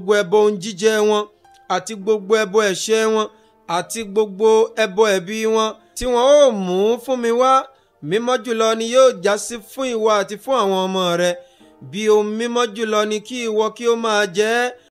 gbogbo ẹbọ ohun jíjẹ wọn àti gbogbo ẹbọ ẹ̀ṣẹ̀ wọn àti gbogbo ẹbọ ẹ̀bi wọn tí wọn ó mú fún mi wá mímọ́ jùlọ ni yóò já sí fún ìwọ àti fún àwọn ọmọ rẹ bí ohun mímọ́ jùlọ ni kí ìwọ kí ó máa jẹ